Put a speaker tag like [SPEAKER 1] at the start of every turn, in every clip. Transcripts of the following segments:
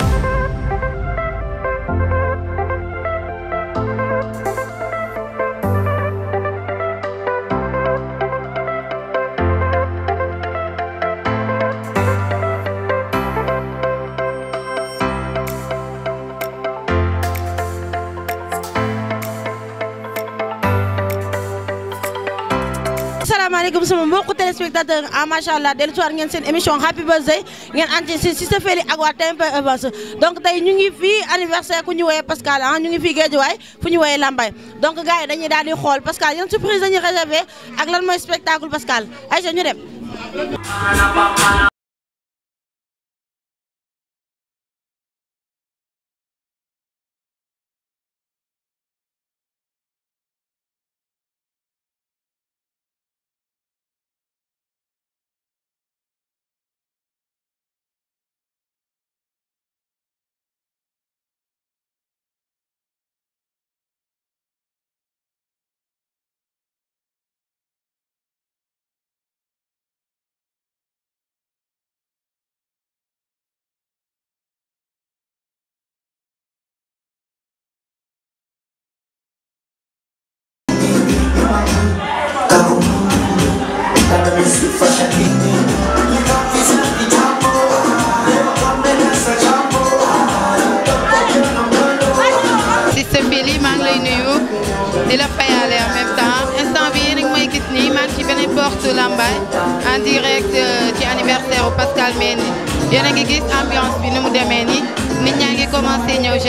[SPEAKER 1] you. asalaamaaleykum sama mbokku téléspectateur ah macha allah soir ngeen seen émission happy birthday ngeen ànd ci Sister Fally ak wa TMP avance donc tay ñu ngi fi anniversaire ku ñu wooyee Pascal ah ñu ngi fii Guédiawaye fu ñu wooyee lambay donc gaay dañuy daal xol xool Pascal yan surprise dañuy réservé ak lan moy spectacle Pascal ayca ñu
[SPEAKER 2] dem.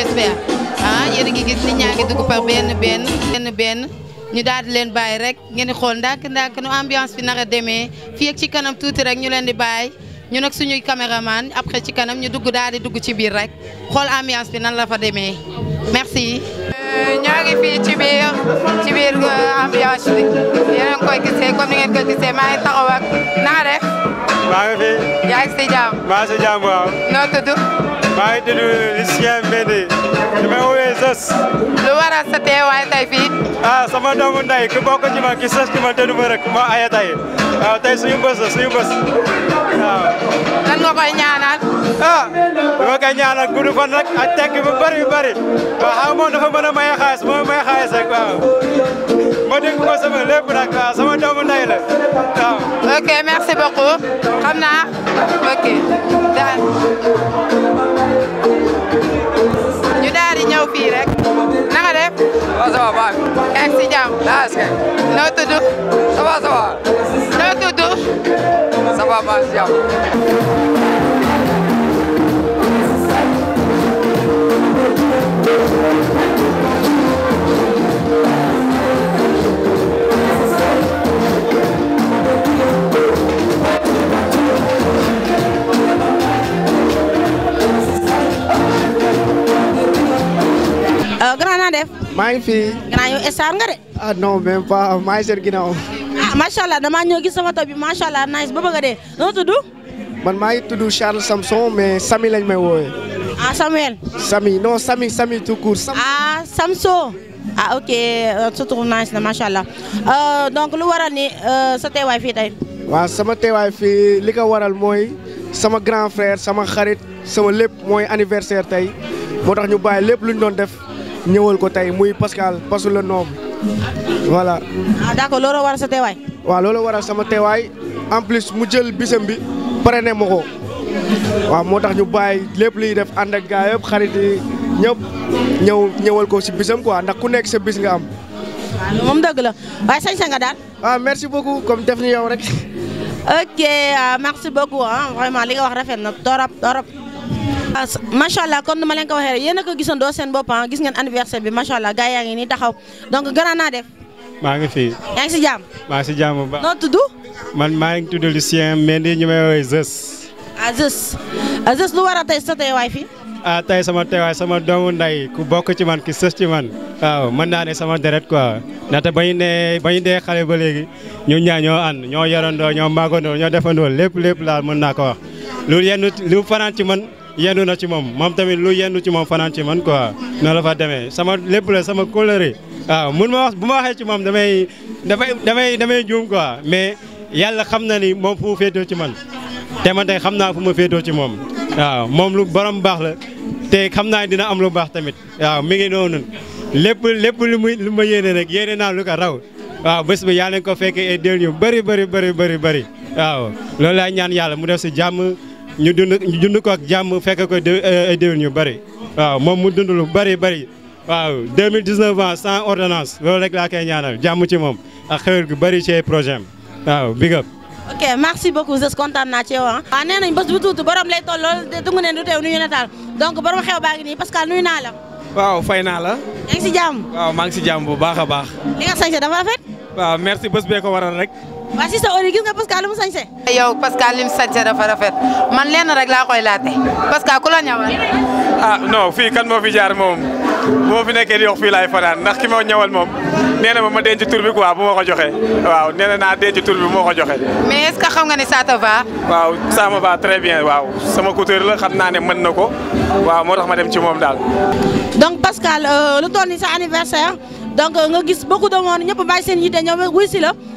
[SPEAKER 3] expert ah yéen a ngi gis nit dugg par benn benn benn ñu daal di leen bàyyi rek ngeen di xool ndànk-ndànk nu ambiance bi nar a demee fii ci kanam tuuti rek ñu leen di bàyyi ñu nag suñuy caméraman après ci kanam ñu dugg daal di dugg ci biir rek xool ambiance bi nan la fa demee merci. Euh, ñoo ngi fii ci biir ci biir euh, ambiance bi yéen a ngi koy gisee comme ni ngeen ko gisee maa ngi taxaw ak naa def. maa ngi fi. yaa si jàmm. maa si jàmm waaw. noo tudd. maa ngi tudd Lucien Mbende li may woowee Zos. lu waral sa teewaay tey
[SPEAKER 4] fii. ah sama doomu nday ku bokk ci ma ki sës ci ma ma rek moo aye tey waaw ah, tey suñu bës
[SPEAKER 3] la ah dama koy
[SPEAKER 4] ñaanal gudd fan rek ak tekki bu bëri bu bëri waaw xam moom dafa mën a maye xaalis moom maye xaalis rek waaw ma dégg ko sama lépp nag waaw sama doomu ndey la
[SPEAKER 3] waaw. ok merci beaucoup xam naa ok daal ñu daal di ñëw fii rek na nga def. waaw ça va baax na. si jàmm. naa est noo tudd. ça va noo tudd.
[SPEAKER 5] ça va si jàmm.
[SPEAKER 1] Euh, naa maa ngi fi. gannaaw yow star nga de. ah non
[SPEAKER 6] même pas maa ngi seen ginnaaw.
[SPEAKER 1] ah macha allah damaa ñëw gis sama tool bi macha allah nice ba bëgg a dee noo tudd.
[SPEAKER 6] man maa ngi tudd Charles Samson mais Sami lañ may wooyee.
[SPEAKER 1] Ah, Samuel. Samy, non, Samy, Samy tout court. Samy. Ah, Samso. Ah, ok, sa nice na macha allah euh, donc lu waral ni euh, sa teewaay fii tey.
[SPEAKER 2] waaw
[SPEAKER 6] sama teewaay fii li ko waral mooy sama grand frère sama xarit sama lépp mooy anniversaire tey moo tax ñu bàyyi lépp lu ñu doon def ñëwal ko tey muy Pascal pasu le nom voilà. ah d'accord looloo waral sa teewaay. waa looloo waral sama teewaay en plus mu jël bisam bi pare ne ma ko. wa motax ñu bay lepp liy def and ak gaay yëpp xarit yi ñëpp ñew ñewal ko ci bisam quoi ndax ku nekk sa bis nga am.
[SPEAKER 1] mom moom dëgg la way sañ sa nga daal. ah merci beaucoup comme def ni yow rek. ok ah, merci beaucoup ah vraiment li nga wax rafet na torop torop. Masha'Allah, allah kon duma len ko waxe yeena ko a do sen bop bopp ah, gis ngeen anniversaire bi macha allah yaangi ni taxaw donc grand na def.
[SPEAKER 4] ma nga fi. yaangi ci si ma ci ngi ba no tuddu man ma ngi tuddu Lucien ni ñu may woowee Zeus.
[SPEAKER 1] Aziz lu war a tey sa teewaay fii.
[SPEAKER 4] ah tey sama teewaay sama doomu nday ku bokk ci man ki sës ci man waaw mën naa ne sama deret quoi ndaxte ba ñu nee ba dee xale ba léegi ñu ñaa ñoo ànd ñoo yorandoo ñoo màggandoo ñoo defandoo lépp lépp laal mën naa ko wax. lu yenn lu fanaan ci man yendu na ci moom moom tamit lu yendu ci moom fanaan ci man quoi noonu la fa demee sama lépp la sama couleur waaw mun ma wax bu ma waxee ci moom damay damay damay damay juum quoi mais yàlla xam na ni moom fu féetoo ci man. te man tey xam naa fu ma féetoo ci moom waaw moom lu borom baax la te xam naa dina am lu baax tamit waaw mi ngi noonu lépp lépp lu muy lu ma yéene rek yéene naa lu ko raw waaw bés bi yaa leen ko fekkee ay déwén bari bari bëri bëri bëri bëri waaw loolu laay ñaan yàlla mu def si jàmm ñu dund ñu dund ko ak jàmm fekk ko ay déwén yu bëri waaw moom mu dund lu bëri bëri waaw 2019 ans sans ordonnance loolu rek laa koy ñaanal jàmm ci moom ak xewal gu bëri ci projet am waaw big
[SPEAKER 1] ok merci beaucoup Zez kontaan naa ci yow ah. waaw nee nañ bés bu tuuti borom lay toll lool de dungu ne du teew nuyu na taal xew baa ngi nii Pascal naa la.
[SPEAKER 2] waaw fay naa la. yaa ngi si jàmm. maa ngi si jàmm bu baax a baax.
[SPEAKER 1] li nga sañse dafa rafet.
[SPEAKER 2] waaw merci bés bee ko waral rek.
[SPEAKER 1] waa si sa ori gis nga Pascal lu mu sañse
[SPEAKER 3] yow Pascal li mu sañse dafa rafet man lenn rek laa koy laate Pascal ku la ñawal
[SPEAKER 2] ah non fii kan moo fi jaar moom bu ma fi nekkee di wax fii laay fanaan ndax ki ma ñawal moom nee na ma ma denc tur bi bu ma ko joxee waaw nee naa denc tur bu ma ko joxee.
[SPEAKER 3] mais est-ce
[SPEAKER 1] nga ne ça te va.
[SPEAKER 2] waaw ça me va très bien waaw sama couture la xam naa ne mën na ko waaw moo tax ma dem ci moom daal.
[SPEAKER 1] donc Pascal euh, lu toll ni sa anniversaire donc euh, nga gis beaucoup de monde ñëpp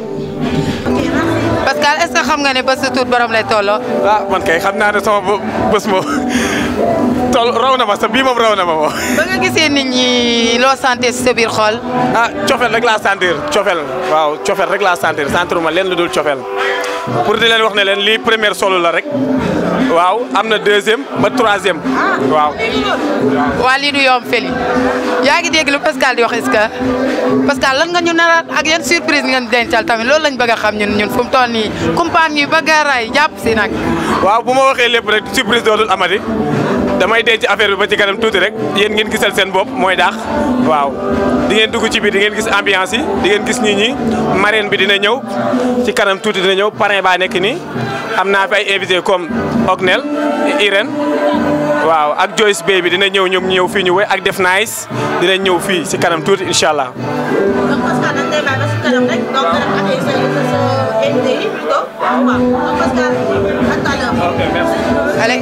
[SPEAKER 3] Pascal est-ce que xam nga ne bés sa tuut borom lay tolloo.
[SPEAKER 2] ah man kay xam naa ne sama bés moom toll raw na ma sa bii moom raw na ma moom.
[SPEAKER 3] ba nga nit ñi loo santé si sa biir xool. ah
[SPEAKER 2] cofeel rek laa sentir cofeel waaw cofeel rek laa santir sentir ma leen la dul cofeel pour di leen wax ne leen lii première solo la rek. waaw am na deuxième ba troisième. Ah. waaw.
[SPEAKER 3] waa lii du yomb Fely yaa ngi dégg lu Pascal di wax est-ce que Pascal lan nga ñu naraat ak yan surprise ngeen dencal tamit loolu lañ bëgg a xam ñun ñun fu mu toll nii compagnie yu bëgg a raay jàpp si nag.
[SPEAKER 2] waaw bu ma waxee lépp rek surprise dootul amati. damay dé ci affaire bi ba ci kanam touti rek yeen ngeen gissal sen bop moy dakh waw di ngeen dugg ci bi di ngeen giss ambiance yi di ngeen giss nit ñi marraine bi dina ñew ci kanam touti dina ñew parrain ba nek ni amna fi ay invité comme Ognel Irène waw ak Joyce baby dina ñew ñom ñew fi ñu way ak def nice dina ñew fi ci kanam tuuti incha allah.
[SPEAKER 1] Allez.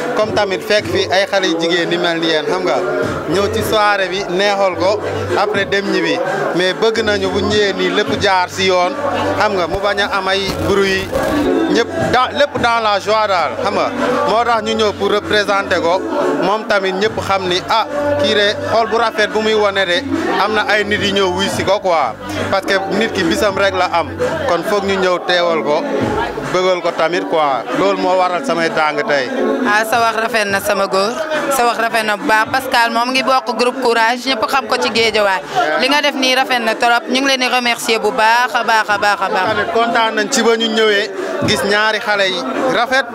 [SPEAKER 6] comme tamit fekk fi ay xale yu jigéen ni mel ni yéen xam nga ñëw ci soirée bi neexal ko après dem ñibbi mais bëgg nañu bu ñëwee nii lépp jaar si yoon xam nga mu bañ a am ay bruit ñëpp dans lépp dans la joie daal xam nga moo tax ñu ñëw pour représenté ko moom tamit ñëpp xam ni ah kii xool bu rafet bu muy wone de am na ay nit yi ñëw wuy si ko quoi parce que nit ki bisam rek la am kon foog ñu ñëw teewal ko bëggal ko tamit quoi loolu moo waral samay tàng tey.
[SPEAKER 3] a ah, sa wax rafet na sama góor sa wax rafet na bu baax Pascal moom ngi bokk groupe courage ñëpp xam ko ci géejawaay li nga def nii rafet na trop ñu ngi leen di a baax a baax a baax.
[SPEAKER 6] kontaan ba ñaari xale yi rafet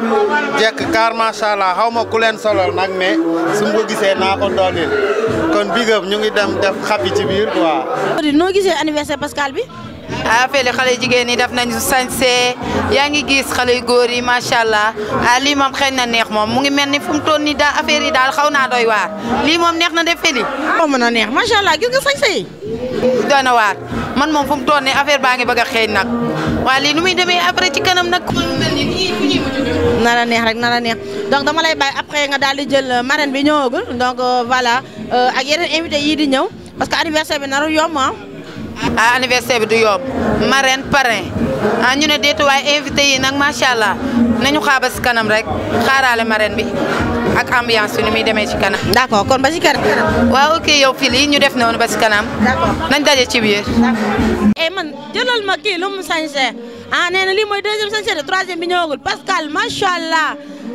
[SPEAKER 6] jekk kaar macha allah xaw ma ku leen solo nag mais su ma ko gisee naa ko kon big up ñu ngi dem def xappi ci biir quoi.
[SPEAKER 1] noo gisee anniversaire Pascal bi.
[SPEAKER 3] ah fële xale jigéen ñi def nañu sañse yaa ngi gis xale góor yi macha allah ah lii moom xëy na neex moom mu ngi mel ni fu mu toll nii daal affaire yi daal xaw naa doy waar lii moom neex na def fële. xaw ma na neex macha allah gis nga sañse yi doy na man moom fu mu toll nii affaire baa ngi bëgg a xeeñ
[SPEAKER 1] nag waa lii nu muy demee après ci kanam nag. na neex rek nara la neex donc dama lay bàyyi après nga daal di jël marraine bi ñëwagul donc euh, voilà euh, ak yeneen invité yii di ñëw parce que anniversaire bi naru yomb ah. ah anniversaire bi du yomb
[SPEAKER 3] marraine parrain ah ñu ne déetuwaay invité yi nag macha allah nañu xaabas kanam rek xaaraale marraine bi ak ambiance bi ni muy demee ci kanam. d' accord kon ba ci kanam. waaw ok yow fii lii ñu def noonu ba ci kanam. d' accord nañ daje ci biir. et
[SPEAKER 1] eh, man jëlal ma kii lu mu sañse ah nee na lii mooy deuxième sañse de troisième bi ñëwagul Pascal macha allah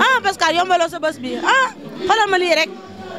[SPEAKER 1] ah Pascal yombaloo sa bës bi ah xoolal lii rek.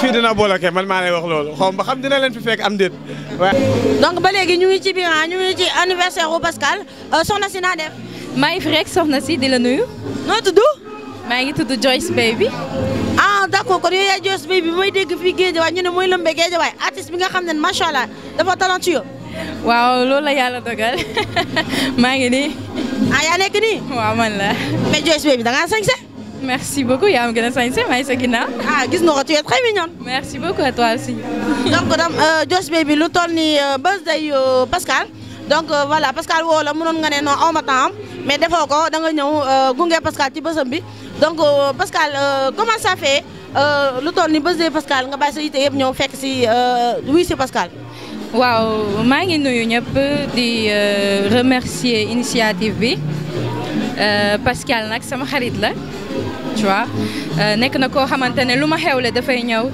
[SPEAKER 2] fii dina bloqué man maa lay wax loolu xaw ma xam dina leen fi fekk am déet
[SPEAKER 1] donc ba léegi ñu ngi ci biir ñu ngi ci anniversaire u Pascal euh, soxna si naa def. maa ngi fi rek soxna si di la nuyu. noo tudd. maa ngi tudd Joyce Baby. ah d'accord kon yooyu yaay Joyce Baby mooy dégg fii Guédiawaye ñu ne mooy lëmbe Guédiawaye artiste bi nga xam ne macha allah dafa
[SPEAKER 5] talentueux. waaw loolu la yàlla dogal maa ngi nii. ah yaa nekk nii. waaw man la. mais Joyce Baby da ngaa sañse Merci beaucoup, yaa ma gën a sañse maa ngi sa ginnaaw. ah gis nga ko tu es très mignon. merci beaucoup à toi aussi. donc dam euh, Joss Baby lu toll nii euh,
[SPEAKER 1] birthday euh, Pascal donc voilà Pascal woo la mënoon nga ne non aw ma temps mais defoo ko da nga ñëw gunge Pascal ci bësam bi donc Pascal comment ça fait lu toll nii birthday Pascal nga bàyyi sa yite yëpp ñëw fekk si oui c'est Pascal. waaw
[SPEAKER 5] maa ngi nuyu ñëpp di remercier initiative bi Pascal nag sama xarit la tu vois euh, Nek na ko xamante luma lu ma fay ñew.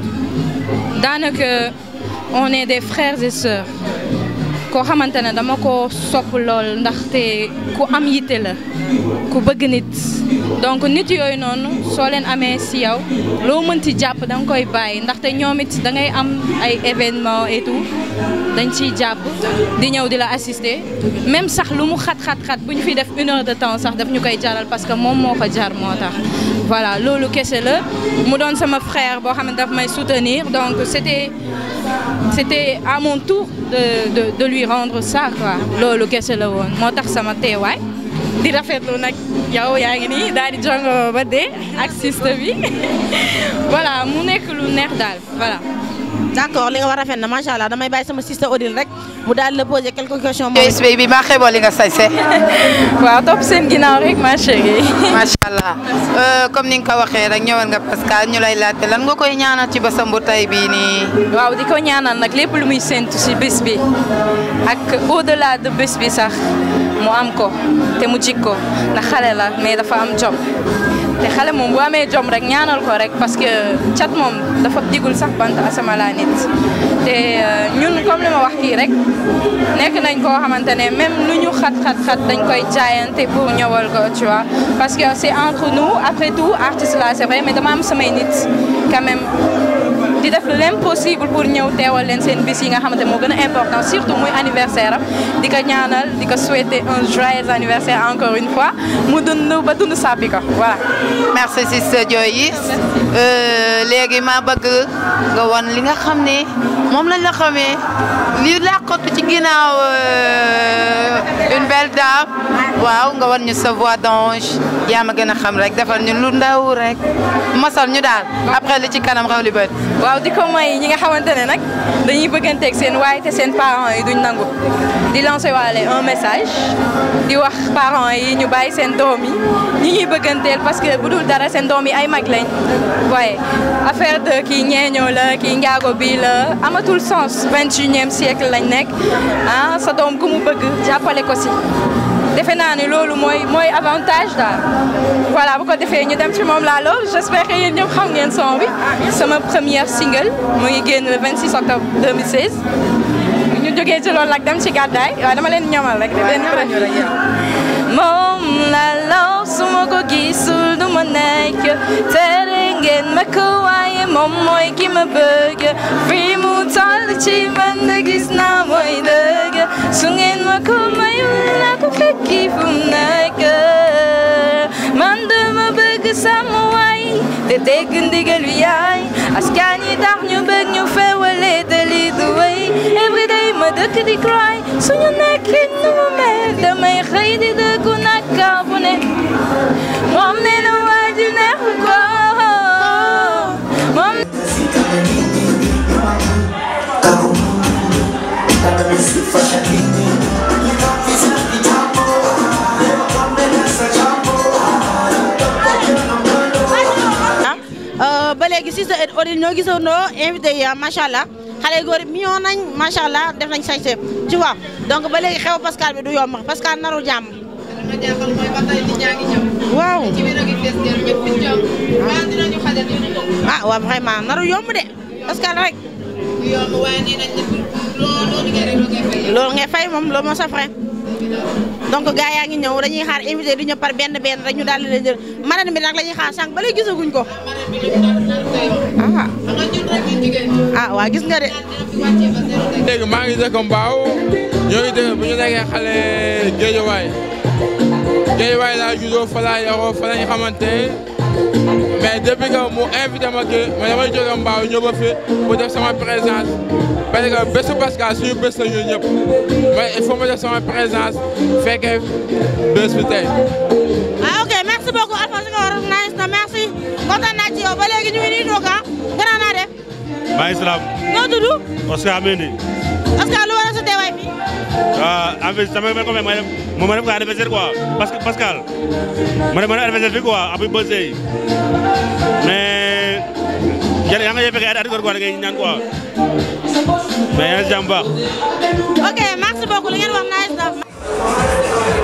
[SPEAKER 5] Danaka on est des frères et sœurs Ko xamante dama ko sopp lool ndaxte ku am yité la ku bëgg nit donc nit yoy non so leen amé si yow loo mënti jàpp da nga koy bàyyi ndaxte ñoom it da ngay am ay événement et tout dañ ci japp di ñew di la assister même sax lu mu xat-xat-xat bu ñu def une heure de temps sax daf ñu koy jaral parce que mom moo jar motax voilà loolu kese la mu doon sama frère bo xamné daf may soutenir donc c'était c'était à mon tour de de de lui rendre ça quoi loolu kese la woon moo tax sama teewaay di rafetlu nak yow yaangi ni dali daal di jongo ba dee ak siste bi voilà
[SPEAKER 1] mu école, lu neex d'Al. voilà d'accord li nga war rafet na macha allah damay bàyyi sama sister Odile rek mu daal la poser quelques questions. moom USB bi maa xeeboo li nga sañse. waaw topp seen ginnaaw
[SPEAKER 3] rek ma chérie. macha allah euh, comme ni nga ko waxee rek ñëwal nga Pascal ñu lay laajte lan
[SPEAKER 5] nga koy ñaanal ci bésam bu tey bii nii. waaw di ko ñaanal nag lépp lu muy séntu si bés bi ak au delà de bés bi sax mu am ko te mu jik ko ndax xale la mais dafa am jom. te xale moom bu amee jom rek ñaanal ko rek parce que cat moom dafa digul sax bant asama laa nit te ñun comme li ma wax kii rek nekk nañ koo xamante ne même lu ñu xat xat xat dañ koy jaayante pour ñëwal ko tu vois parce que c'est entre nous après tout artiste là c'est vrai mais dama am samay nit quand même di def lépp possible pour ñëw teewal leen seen bis yi nga xamante moo gën a important surtout muy anniversaire am di ko ñaanal di ko souhaiter un joyeux anniversaire encore une fois mu dund ba dund sàppi ko voilà. merci sis Dioy euh,
[SPEAKER 3] léegi maa bëgg nga won li nga xam ne moom lañ la xamee li làqatu ci ginnaaw. Euh, une belle dame waaw nga war ñu sa voix d'ange yaa ma gën xam rek defal ñu lu ndaw rek mosal ñu daal après li ci
[SPEAKER 5] kanam rawli li bët waaw di may ñi nga xamantene nak nag dañuy bëgganteeg seen waaye te seen parents yi duñ nangu di lancer waale un message di wax parents yi ñu bàyyi seen doom yi ñi ñuy bëgganteel parce que bu dara seen doom yi ay mag lañ waaye affaire de ki ñeño la ki ngago bi la amatul sens 21e siècle lañ nek ah sa doom ku mu bëgg jappalé ko aussi defe naa ne loolu mooy mooy avantage daal voilà bu ko defee ñu dem ci moom laa lool j'espère que yéen ñëpp xam ngeen son bi sama première single mu ngi génn le 26 octobre 2016 ñu jógee ci loolu nag dem ci gàddaay waaw dama leen ñamal rek def leen moom la law su ma ko gisul du ma nekk tere ma ko moom mooy ki ma bëgg fii mu toll ci man de gis mooy dëgg su ma ko mayul na ko fekki fu mu man de ma bëgg sama waay te dégg ndigal bi yaay askan yi tax ñu bëgg ñu feewale te lii du wéy every day ma dëkk di croy suñu nekkin nu mu mel damay xëy di dëggu nag kaabu ne moom nee na waa ji neexu ko
[SPEAKER 1] ba léegi si sa audit ñoo gisandoo invité yi ya, macha allah xale góor yi mignon nañ macha allah def nañ sañse Pascal naru jàmm. ah waaw vraiment naru yomb de Pascal rek. loolu ngay fay moom loolu moo sa frais donc gaa yaa ngi ñëw dañuy xaar invité du ñëw par benn benn rek ñu daal di leen jël marraine bi nag la ñuy xaar sànq ba léegi gisaguñ ko. ah, ah waaw gis nga de.
[SPEAKER 6] dégg maa ngi dëkk Mbao ñoo ngi bu ñu nekkee xale Géejawaay Géejawaay laa juddoo fa laa yaroo fa mais depuis que mu invité ma kii ma damay jóge mbaaw ñëw ba fii pour def sama présence parce que bésu suñu bés la ñun ñëpp
[SPEAKER 1] mais sama présence fekkee bés bi tey. ah ok merci beaucoup Alphonse nga war naa gis merci kontaan naa ci yow ba léegi ñu ngi nii toog ah gannaaw naa def. maa ngi noo tudd. Oscar Mendy.
[SPEAKER 6] waaw en sama ma ko fekk ma def ma ma def ko adversaire quoi parce que ma def ma def adversaire fii abu bëse yi mais yàlla nga yëpp fekk at góor góor da ngay ñaan quoi mais yàlla si jàmm
[SPEAKER 1] baax. ok merci beaucoup li ngeen wax nice na.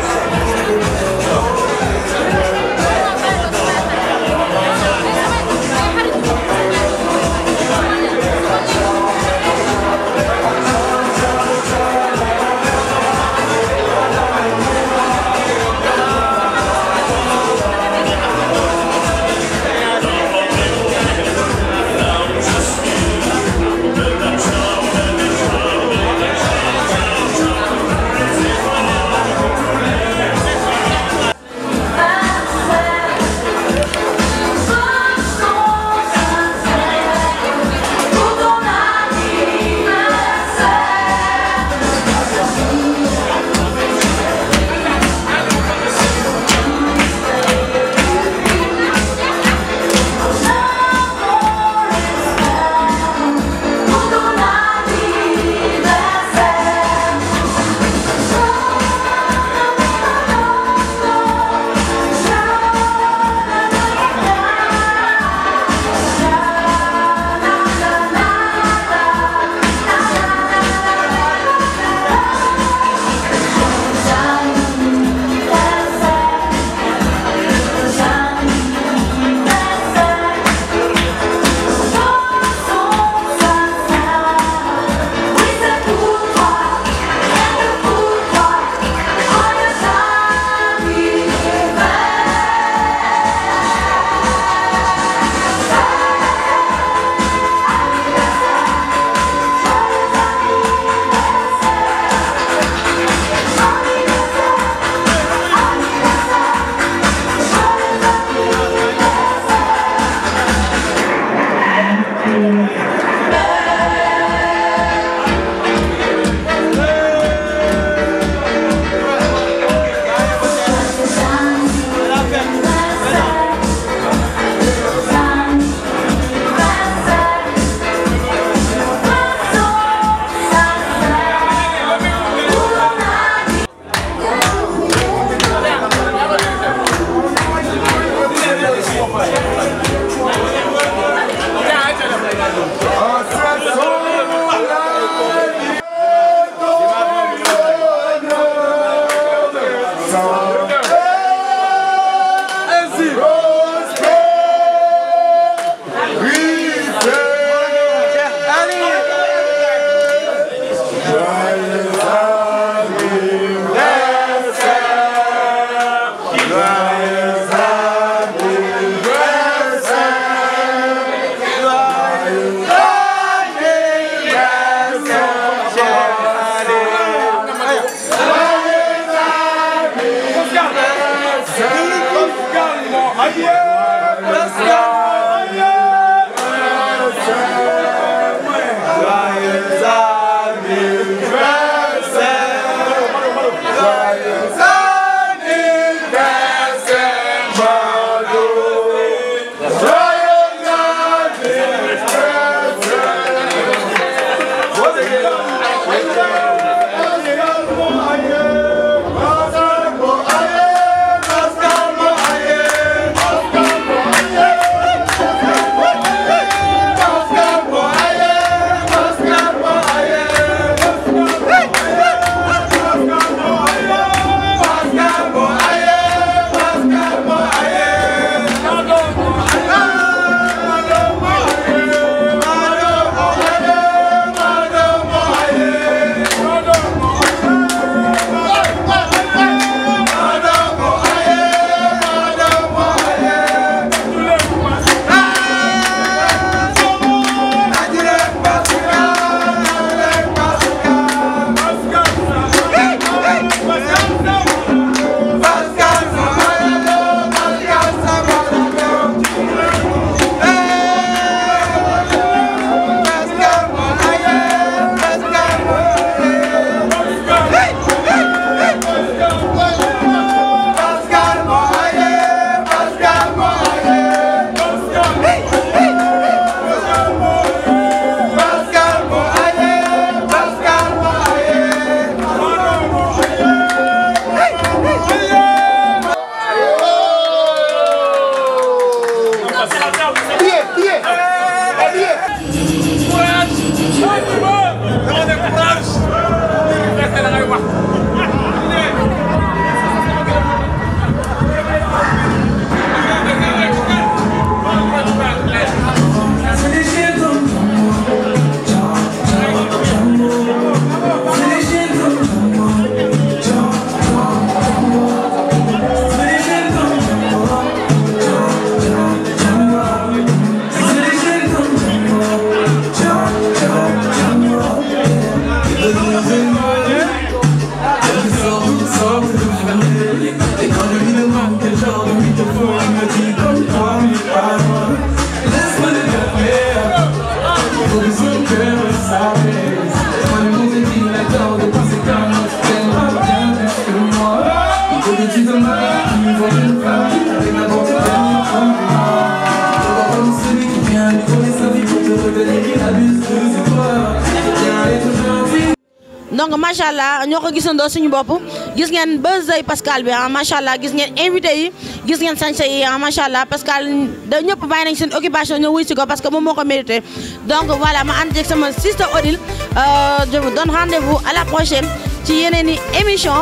[SPEAKER 1] donc Machallah, nous ñoo ko gisandoo suñu bopp gis ngeen buzz et Pascal bi ah macha allah gis invité yi gis ngeen sañse yi ah, Pascal da ñëpp bàyyi nañ seen occupation ñoo wuy si ko parce que moom moo mérité donc voilà ma ànd ak sama sister Odile euh, je vous donne rendez-vous à la prochaine ci yeneen une émission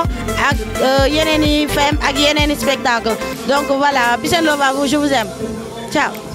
[SPEAKER 1] ak euh, yeneen une femme, ak yeneen i spectacle donc voilà peace and à vous je vous aime ciao